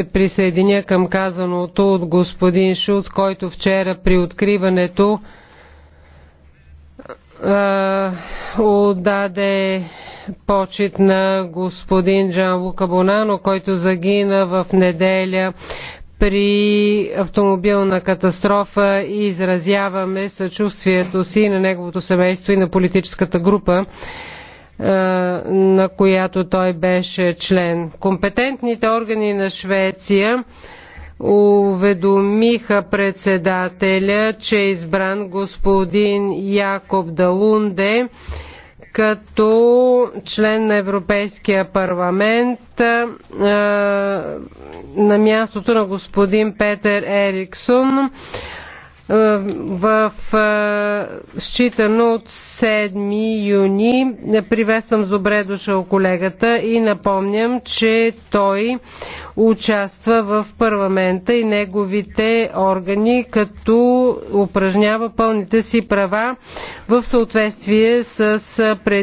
се присъединя към казаното от господин Шут, който вчера при откриването а, отдаде почет на господин Джан Лука Бонано, който загина в неделя при автомобилна катастрофа и изразяваме съчувствието си на неговото семейство и на политическата група е, на която той беше член. Компетентните органи на Швеция уведомиха председателя, че е избран господин Якоб Далунде като член на Европейския парламент е, на мястото на господин Петър Ериксон. Е, в, е, считано от 7 юни. Приветствам с добре дошъл колегата и напомням, че той участва в парламента и неговите органи, като упражнява пълните си права в съответствие с е, пред